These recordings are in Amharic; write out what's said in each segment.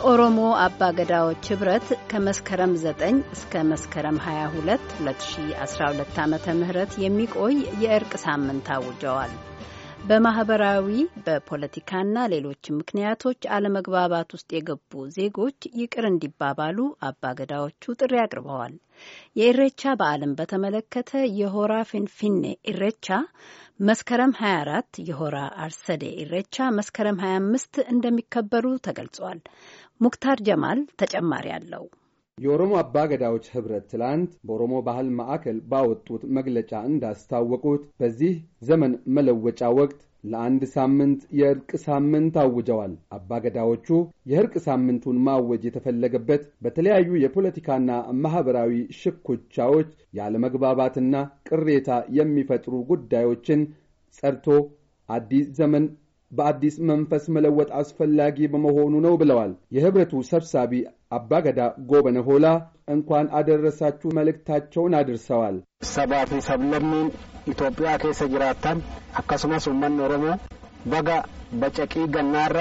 የኦሮሞ አባገዳዎች ኅብረት ከመስከረም 9 እስከ መስከረም 22 2012 ዓ ም የሚቆይ የእርቅ ሳምንት አውጀዋል። በማህበራዊ በፖለቲካና ሌሎች ምክንያቶች አለመግባባት ውስጥ የገቡ ዜጎች ይቅር እንዲባባሉ አባገዳዎቹ ጥሪ አቅርበዋል። የኢሬቻ በዓልን በተመለከተ የሆራ ፊንፊኔ ኢሬቻ መስከረም 24፣ የሆራ አርሰዴ ኢሬቻ መስከረም 25 እንደሚከበሩ ተገልጿል። ሙክታር ጀማል ተጨማሪ አለው። የኦሮሞ አባ ገዳዎች ህብረት ትላንት በኦሮሞ ባህል ማዕከል ባወጡት መግለጫ እንዳስታወቁት በዚህ ዘመን መለወጫ ወቅት ለአንድ ሳምንት የእርቅ ሳምንት አውጀዋል። አባገዳዎቹ የእርቅ ሳምንቱን ማወጅ የተፈለገበት በተለያዩ የፖለቲካና ማኅበራዊ ሽኩቻዎች ያለመግባባትና ቅሬታ የሚፈጥሩ ጉዳዮችን ጸድቶ አዲስ ዘመን በአዲስ መንፈስ መለወጥ አስፈላጊ በመሆኑ ነው ብለዋል። የህብረቱ ሰብሳቢ አባገዳ ጎበነ ሆላ እንኳን አደረሳችሁ መልእክታቸውን አድርሰዋል። ሰባፊ ሰብለሚን ኢትዮጵያ ኬሰ ጅራታን አካሱማስ ኡመን ኦሮሞ በጋ በጨቂ ገናራ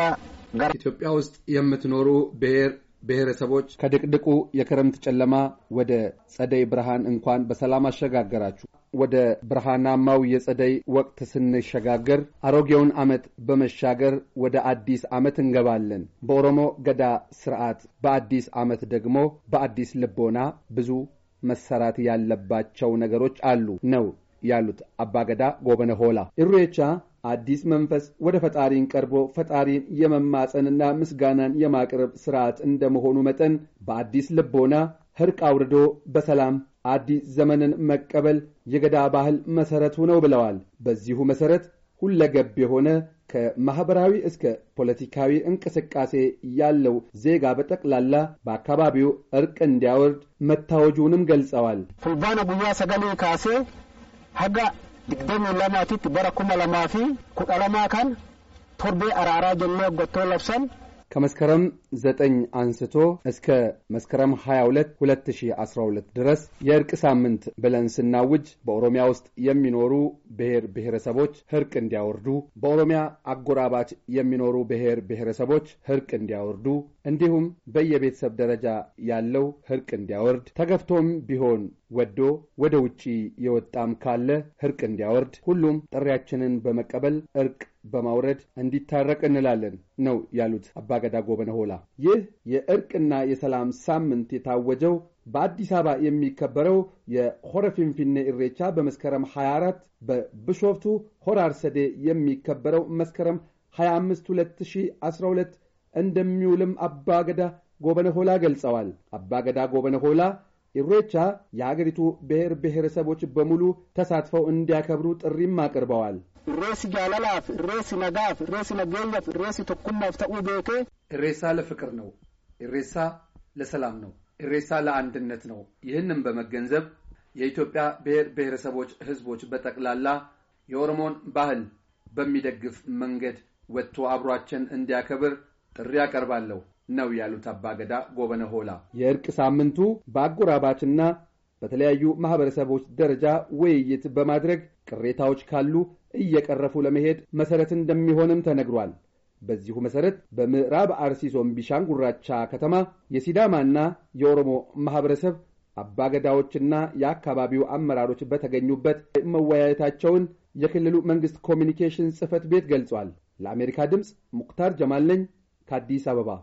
ኢትዮጵያ ውስጥ የምትኖሩ ብሔር ብሔረሰቦች ከድቅድቁ የክረምት ጨለማ ወደ ጸደይ ብርሃን እንኳን በሰላም አሸጋገራችሁ። ወደ ብርሃናማው የጸደይ ወቅት ስንሸጋገር አሮጌውን ዓመት በመሻገር ወደ አዲስ ዓመት እንገባለን። በኦሮሞ ገዳ ስርዓት በአዲስ ዓመት ደግሞ በአዲስ ልቦና ብዙ መሰራት ያለባቸው ነገሮች አሉ ነው ያሉት አባገዳ ጎበነ ሆላ። ኢሬቻ አዲስ መንፈስ ወደ ፈጣሪን ቀርቦ ፈጣሪን የመማፀንና ምስጋናን የማቅረብ ስርዓት እንደመሆኑ መጠን በአዲስ ልቦና ህርቅ አውርዶ በሰላም አዲስ ዘመንን መቀበል የገዳ ባህል መሠረቱ ነው ብለዋል። በዚሁ መሠረት ሁለገብ የሆነ ከማኅበራዊ እስከ ፖለቲካዊ እንቅስቃሴ ያለው ዜጋ በጠቅላላ በአካባቢው እርቅ እንዲያወርድ መታወጁንም ገልጸዋል። ፉልባና ጉያ ሰገሌ ካሴ digdamii lamaatitti bara kuma lamaa fi kudha lamaa kan torbee araaraa jennee hoggattoo labsan ከመስከረም 9 አንስቶ እስከ መስከረም 22 2012 ድረስ የእርቅ ሳምንት ብለን ስናውጅ በኦሮሚያ ውስጥ የሚኖሩ ብሔር ብሔረሰቦች እርቅ እንዲያወርዱ፣ በኦሮሚያ አጎራባች የሚኖሩ ብሔር ብሔረሰቦች እርቅ እንዲያወርዱ፣ እንዲሁም በየቤተሰብ ደረጃ ያለው እርቅ እንዲያወርድ ተገፍቶም ቢሆን ወዶ ወደ ውጪ የወጣም ካለ እርቅ እንዲያወርድ ሁሉም ጥሪያችንን በመቀበል እርቅ በማውረድ እንዲታረቅ እንላለን ነው ያሉት አባገዳ ጎበነ ሆላ። ይህ የእርቅና የሰላም ሳምንት የታወጀው በአዲስ አበባ የሚከበረው የሆረ ፊንፊኔ ኢሬቻ በመስከረም 24 በብሾፍቱ ሆራ አርሰዴ የሚከበረው መስከረም 25 2012 እንደሚውልም አባገዳ ጎበነ ሆላ ገልጸዋል። አባገዳ ጎበነ ሆላ ኢሬቻ የአገሪቱ ብሔር ብሔረሰቦች በሙሉ ተሳትፈው እንዲያከብሩ ጥሪም አቅርበዋል። ሬስ ጃለላፍ፣ ሬስ ነጋፍ፣ ሬስ ነገየፍ ሬስ ቶኩማፍ ተኡ ቤኬ እሬሳ ለፍቅር ነው። እሬሳ ለሰላም ነው። እሬሳ ለአንድነት ነው። ይህንም በመገንዘብ የኢትዮጵያ ብሔር ብሔረሰቦች ህዝቦች በጠቅላላ የኦሮሞን ባህል በሚደግፍ መንገድ ወጥቶ አብሯችን እንዲያከብር ጥሪ አቀርባለሁ። ነው ያሉት አባገዳ ጎበነ ሆላ። የእርቅ ሳምንቱ በአጎራባችና በተለያዩ ማህበረሰቦች ደረጃ ውይይት በማድረግ ቅሬታዎች ካሉ እየቀረፉ ለመሄድ መሰረት እንደሚሆንም ተነግሯል። በዚሁ መሰረት በምዕራብ አርሲ ዞን ቢሻንጉራቻ ከተማ የሲዳማና የኦሮሞ ማህበረሰብ አባገዳዎችና የአካባቢው አመራሮች በተገኙበት መወያየታቸውን የክልሉ መንግሥት ኮሚኒኬሽን ጽህፈት ቤት ገልጿል። ለአሜሪካ ድምፅ ሙክታር ጀማል ነኝ ከአዲስ አበባ